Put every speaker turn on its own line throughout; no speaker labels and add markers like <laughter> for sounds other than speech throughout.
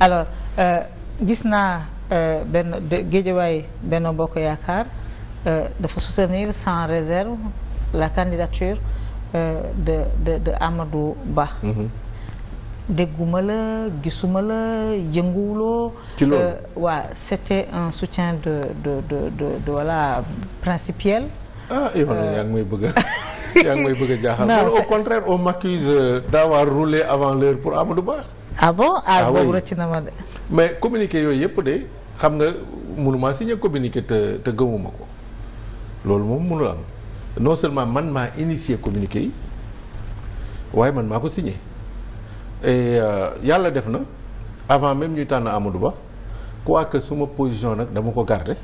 alors euh, gis naa euh, benn Guédiawaye Benno Bokk Yaakaar euh, dafa soutenir sans réserve la candidature de de de Amadou Ba. Mhm. dégguma la gisuma la yënguwuloo kilo waa c'était un soutien de de de de de voilà principiel. ah yow yaa
ngi may bëgg <laughs> yaa ngi may bëgg a jaaxal. au contraire on m'accuse d'avoir roulé avant l'heure pour Amadou Ba.
ah bon ah, ah boobu rëcc na ma de.
mais communique yooyu yëpp de xam nga mënuma siñe communique te te gëmuma ko loolu moom mënul am non seulement man maa initier communiqué yi waaye man maa ko signé et euh, yàlla def na avant même ñuy tànn Amadou Ba quoi que suma position nag dama ko garder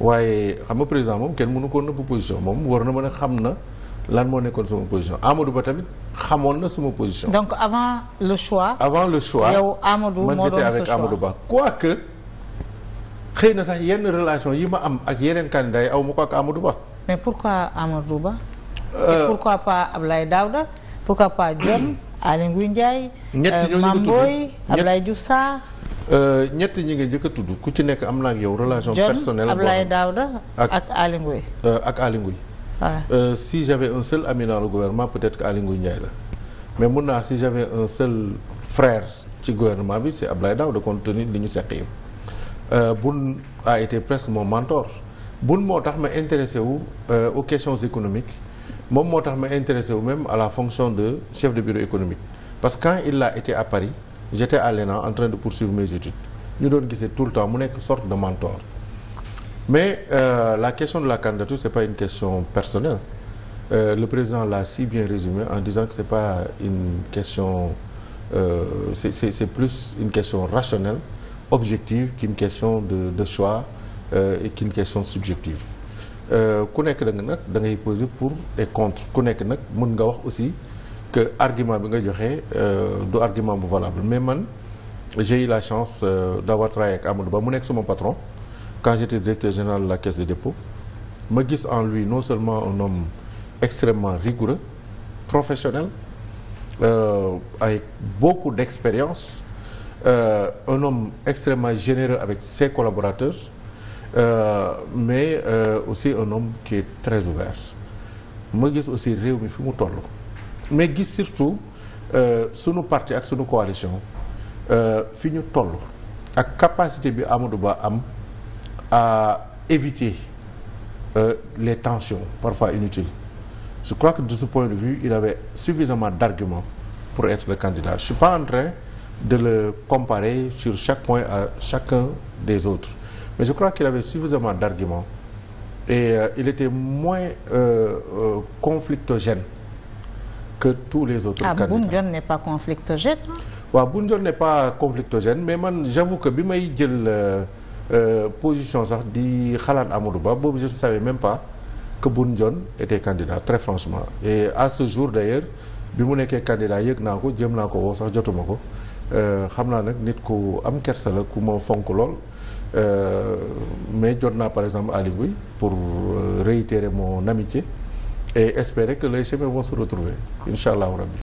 waaye xam nga président moom kenn mënu ko nëbb position moom war na ma ne xam na. lan moo nekkoon sama position Amadou Ba tamit xamoon na suma position.
donc avant le choix.
avant le choix yow Amadou moo doon man j'étais avec Amadou Ba quoique xëy na sax yenn relation yi ma am ak yeneen candidats aw ma ko ak Amadou Ba.
mais pourquoi Amadou Ba. Euh... pourquoi pas Ablaye Daouda pourquoi pas Diome <clears throat> Aly Ngouille Ndiaye. ñett ñooñu euh, nga tudd Mame Boye Ablaye Diouf Sarr.
Euh, njëkk a tudd ku ci nekk am na ak yow relation. personnelle Diome Ablaye
Daouda ak ak Aly
euh, ak Aly euh, si j'avais un seul ami dans le gouvernement peut-être que Aly Ngouille Ndiaye la mais mun naa si j'avais un seul frère ci gouvernement bi c'est Abdoulaye Daouda compte tenu li ñu seq yëpp euh, Boun a été presque mon mentor Boun moo tax ma intéressé wu euh, aux questions économiques moom moo tax ma intéressé wu à la fonction de chef de bureau économique parce que quand il a été à Paris j'étais à l'ENA en train de poursuivre mes études ñu doon gisee tout le temps mu nekk sorte de mentor mais euh, la question de la candidature c'est pas une question personnelle euh, le président l'a si bien résumé en disant que c'est pas une question euh, c'est c'est plus une question rationnelle objective qu'une question de de choix euh, et qu'une question subjective euh, ku nekk da nag da ngay poser pour et contre ku nekk nag mun nga wax aussi que argument bi nga joxe du argument bu valable mais man j'ai eu la chance d'avoir travaillé ak Amadou Ba mu nekk sama patron quand j'étais directeur général de la caisse de dépôt ma gis en lui non seulement un homme extrêmement rigoureux professionnel ay euh, avec beaucoup d'expérience euh, un homme extrêmement généreux avec ses collaborateurs euh, mais euh, aussi un homme qui est très ouvert ma gis aussi réew mi fi mu toll mais gis surtout sunu partie ak sunu coalition fi ñu toll ak capacité bi Amadou Ba am à éviter euh, les tensions parfois inutiles. Je crois que de ce point de vue, il avait suffisamment d'arguments pour être le candidat. Je suis pas en train de le comparer sur chaque point à chacun des autres. Mais je crois qu'il avait suffisamment d'arguments et euh, il était moins euh, euh, conflictogène que tous les autres ah, candidats. Boundion n'est pas conflictogène. mais man j'avoue que bi may jël Euh, position sax di xalaat Amadou Ba boobu je ne savais même pas que Boun Dionne était candidat très franchement et à ce jour d'ailleurs bi mu nekkee candidat yëg naa ko jëm naa ko woo sax jotuma ko euh, xam naa nag nit ku am kersa la ku ma fonk lool euh, mais jot naa par exemple Ali Bouy pour réitérer mon amitié et espérer que les chemins vont se retrouver incha allahu rabbi